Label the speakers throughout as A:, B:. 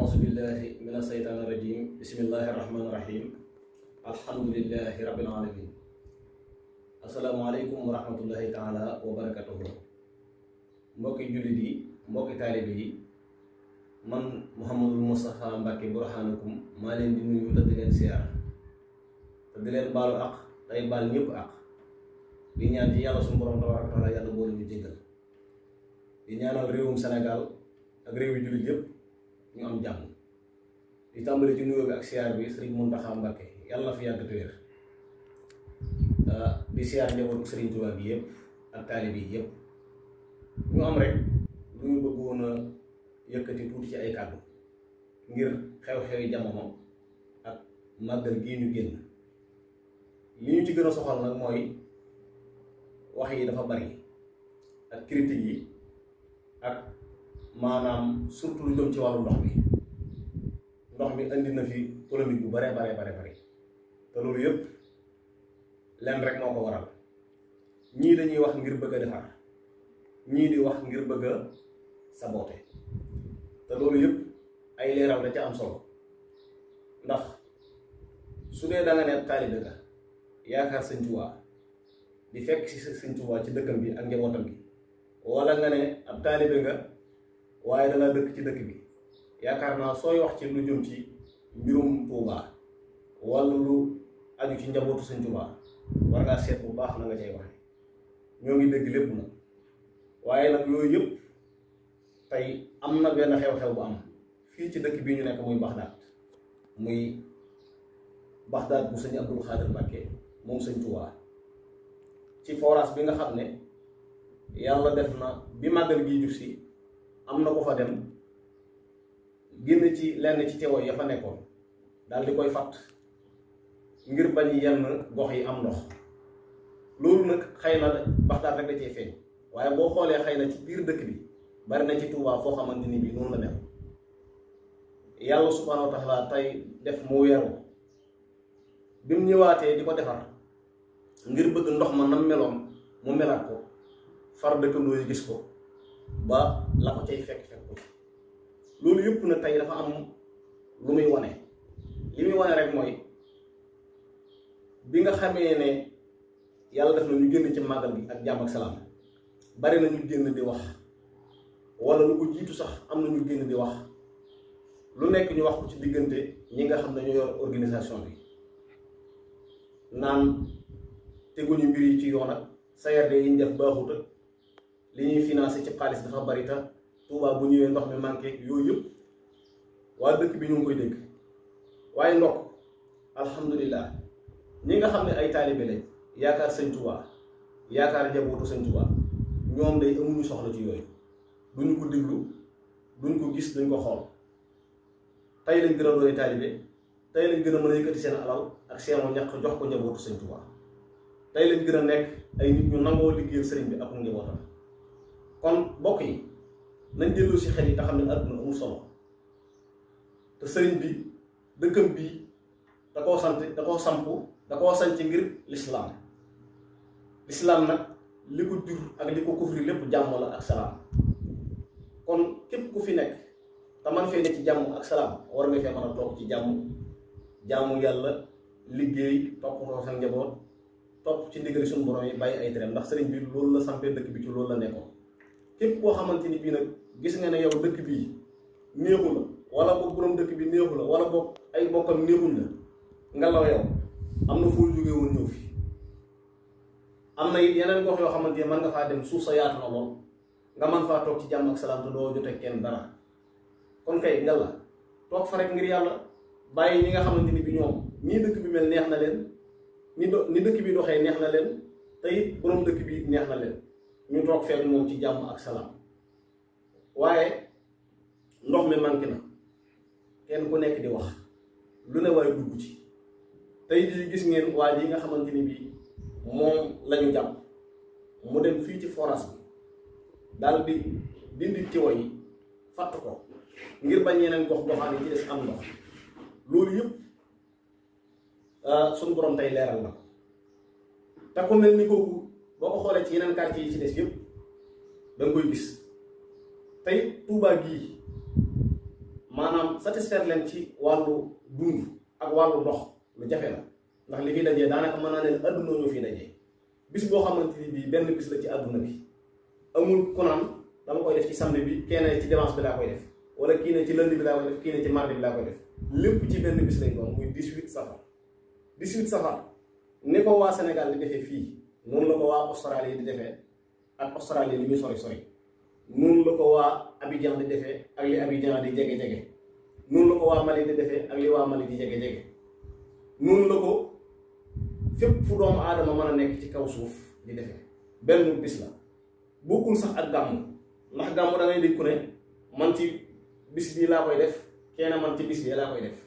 A: أعوذ بالله من الشيطان الرجيم بسم الله الرحمن الرحيم الحمد لله yi man Mouhamadul Mustafa mbake Burhanukum ma len di nuyu te di leen siyaar te di leen baalu ak tay bal ñep ak di ñaan ci Yalla sun borom tabaaraka wa taala yàlla boole ñu jéggal di ñaanal réewum Sénégal ak réew yu jullit ñu am jàmm di tàmbali ci nuyoo bi ak siyaar bi sëriñ Muntaxa Mbàkke yàlla fi yàgg te ah, di siyaar njabootu sëriñ Tuubaa bi yëpp ak taalib yi yëpp ñu am rek ñu bëggoon a tuuti ci ay kàddu ngir xew-xewi jamono ak màggal gii ñu génn li ñu ci gën a soxal nag mooy wax yi dafa bari ak critique yi ak manam surtout lu jëm ci walu ndox mi ndox mi andi na fi polémique bu bare bare bare bare te loolu yépp lenn rek moo ko waral ñi dañuy wax ngir bëgg a defar ñii di wax ngir bëgg saboté saboote te loolu yëpp ay leeral da ci am solo ndax su dee da nga ne taalibe nga yaakaar sëñ tuwa di fekk si sëñ tuwa ci dëkkam bi ak njabootam bi wala nga ne ab talibé nga waaye danga dëkk ci dëkk bi yaakaar naa sooy wax ci lu jëm ci mbirum Tuubaa walla lu aju ci njabootu Sëñ war ngaa seet bu baax la nga cay waxe ñoo ngi dégg lépp nag waaye nag yooyu yëpp tey am na benn xew-xew bu am fii ci dëkk bi ñu nekk muy Baxdaad muy Baxdaad bu sëñ Abdul Xaadir Mbàkke moom Sëñ Tuubaa ci forage bi nga xam ne yàlla def na bi màggal gi jub si am na ko fa dem génn ci lenn ci teewoo ya fa nekkoon daal di koy fatt ngir bañ yenn gox yi am ndox loolu nag xëy na baxtaar rek da cee feeñ waaye boo xoolee xay na ci biir dëkk bi bari na ci Tuubaa foo xamante ni bii noonu la mel yàlla subhaanahu wa taala tey def mu weeru bi mu ñëwaatee di ko defar ngir bëgg ndox ma nam meloon mu melaat ko far dëkkandoo yi gis ko ba la ko cay fekk fekk loolu yëpp na tey dafa am lu muy wone li muy wane rek mooy bi nga xamee ne yàlla def na ñu génn ci màggal bi ak jàmm ak salaam bari na ñu génn di wax wala lu ko jiitu sax am na ñu génn di wax lu nekk ñu wax ko ci diggante ñi nga xam ne ñoo yor organisation bi naan teguñu mbir yi ci yoon ak sayar de yi ñu li ñuy financé ci xaalis dafa bari ta Touba bu ñëwee ndox mi manqué yooyu yëpp waa dëkk bi ñu ngi koy dégg waaye ndokk alhamdulilah ñi nga xam ne ay taalibe lañ yaakaar sëñ yaakaar njabootu sëñ ñoom day amuñu soxla ci yooyu duñ ko déglu duñ ko gis duñ ko xool tey lañ gën a doon taalibe tey lañ gën a mën a yëkkati seen alal ak seenu ñàkk jox ko njabootu sëñ tey lañ gën a nekk ay nit ñu nangoo liggéeyal sëriñ bi ak njabootam kon bokki nañ dellu ci xel yi te xam ne solo te sëriñ bi dëkkam bi da ko sant da ko sampu da sant ci ngir l'islam l'islam nak li jur ak li kufri lepp jamm la ak salam kon képp ku fi nek ta man fee nek ci jamm ak salam war nga fee mën tok ci jamm jàmm yàlla liggéey toppatoo sax njaboot top ci ndigal suñu borom yi bay ay ndax sëriñ bi loolu la sampé dëkk bi ci loolu la nekkoo képp koo xamante ni bii nag gis nga ne yow dëkk bii néexu la wala boog borom dëkk bi néexu la wala boog ay bokkam néexuñ la ngelaw yow am na foo jógee woon ñëw fi am na it yeneen gox yoo xamante ni mën nga faa dem suuf sa nga mën faa ci jàmm ak kenn dara kon kay ngel la toog ngir yàlla bàyyi ñi nga xamante ni bi ñoom nii dëkk bi mel neex na leen ni do ni dëkk bi doxee neex na leen te it dëkk bi neex na leen. ñu tok feeg mom ci jamm ak salam waye ndox mi manki na kenn ku nekk di wax lu ne waaye dugg ci tay di gis ngeen waaji nga xamanteni bi mom lañu jàpp mu dem fi ci forage bi dal di dindi ci way fat ko ngir bañ yenen gox doxani ci des am ndox loolu euh ah, sun borom tey leeral na ko melni koku boo ko xoolee ci yeneen quartier yi ci des yëpp da nga koy gis tey Touba gii maanaam satisfaire leen ci wàllu dund ak wàllu ndox lu jafe la ndax li fi dajee daanaka mën naa leen adduna ñoo fi dajee bis boo xamante ni bii benn gis la ci àdduna bi amul ku dama koy def ci samedi bi kenn ci dimanche bi laa koy def wala kii ne ci lundi bi laa koy def kii ne ci mardi bi laa koy def lépp ci benn bis lañ doon muy 18 safar 18 safar ni ko waa Sénégal li fii. noonu la ko waa Australie di defe ak Australie li muy sori sori noonu la ko waa Abidjan di defee ak li Abidjan di jege jege noonu la ko waa Mali di defee ak li waa Mali di jege jege noonu la ko fépp fu doomu aadama mën a nekk ci kaw suuf di defee benn bis la bokkul sax ak gàmmu ndax gàmmu da ngay dégg ku ne man ci bis bii laa koy def kenn man ci bis bii laa koy def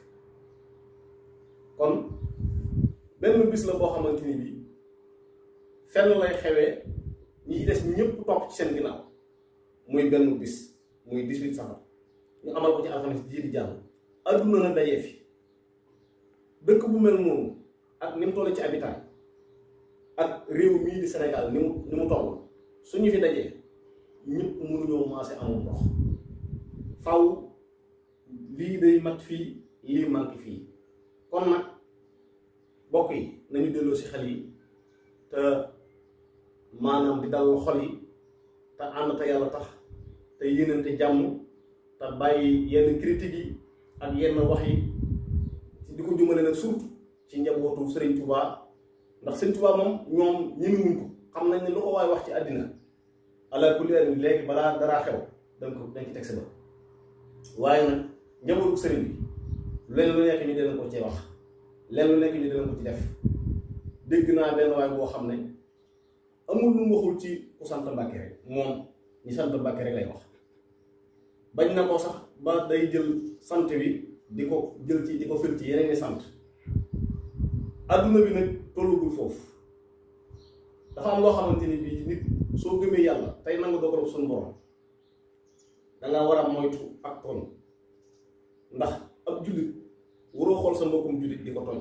A: kon benn bis la boo xamante ni bii. fenn lay xewee ñi des ñëpp topp ci seen ginnaaw muy benn bis muy 18 safar ñu amal ko ci alxames jii di jàll. adduna na dayee fi dëkk bu mel noonu ak ni toll ci habitat ak réew mii di Sénégal ni mu ni mu toll suñu fi dajee ñëpp mënuñoo maase amul ndox faw lii day mat fii lii manqué fii kon nag bokk yi nañu delloo si xel yi te. maanaam di dalal xol yi te ànd te yàlla tax te yéenante jàmm te bàyyi yenn critiques yi ak yenn wax yi di ko jumale nag surtout ci njabootu Serigne Touba ndax Serigne Touba moom ñoom ñemewuñ ko xam nañ ne lu ko waay wax ci àddina ala kulli bi léegi balaa daraa xew danga ko dañ ci teg sa bopp waaye nag njabootu Serigne bi lenn lu nekk ñu dana ko ci wax lenn lu nekk ñu dana ko ci def dégg naa benn waay boo xam ne. amul lu mu waxul ci ku sant Mbàkke rek moom ñi sant Mbàkke lay wax bañ na ko sax ba day jël sant bi di ko jël ci di ko fël ci yeneen i sant adduna bi nag tollugul foofu dafa am loo xamante ni bii nit soo gëmee yàlla tey nangu dogalu suñu borom danga war a moytu ak tooñ ndax ab jullit waroo xool sa mbokkum jullit di ko tooñ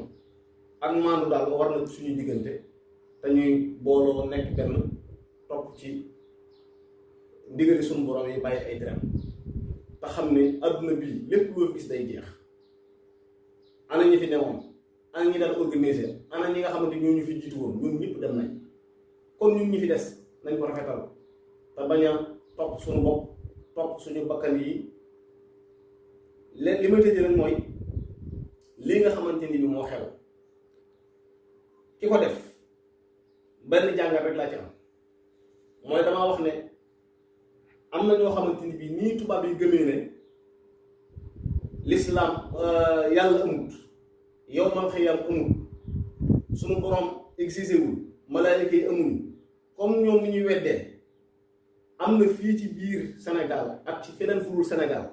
A: ak maandu daal war na suñu diggante dañuy booloo nekk benn topp ci ndigali suñu borom yi bàyyi ay dërëm te xam ne adduna bii lépp loo gis day jeex ana ñi fi newoon ana ñi daan organiser ana ñi nga xamante ñoo ñu fi jiitu woon ñun ñëpp dem nañ kon ñun ñi fi des nañ ko rafetal te bañ topp suñu bopp topp suñu bakkan yi leen li may tëjee nag mooy lii nga xamante ni bi moo xew ki ko def benn jàngat rek laa ci am mooy damaa wax ne am na ñoo xamante ni bii nii tubaab yi gëmee ne lislaam euh, yàlla amut yow man xiyam amut suñu borom exigé wul malaayika yi amuñu comme ñoom ñuy weddee am na fii ci biir senegal ak ci feneen furul senegal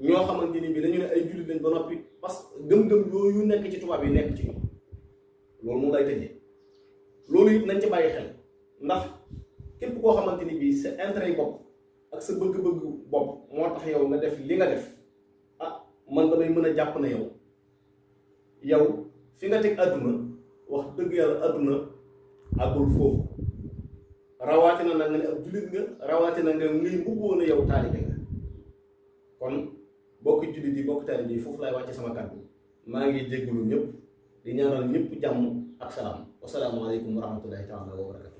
A: ñoo xamante ni bii dañu ne ay jullit lañ ba noppi parce que gëm-gëm yooyu nekk ci tubaab yi nekk ci ñoom loolu moom lay tëjee. loolu yëpp nañ ci bàyyi xel ndax képp koo xamante ni bii sa intérêt yi bopp ak sa bëgg-bëgg bopp moo tax yow nga def li nga def ah man damay mën a jàpp na yow yow fi nga teg aduna wax dëgg yàlla aduna àggul foofu rawatina na nga ne ab julit nga rawatina nga ngay mbubboon yow taalibe nga kon bokk julit yi bokk taalibe yi foofu laay wàcce sama kàddu maa ngi jéggalu ñëpp di ñaanal ñëpp jàmm ak salaam wasalaamualeykum wa rahmatullahi taala wa barakatu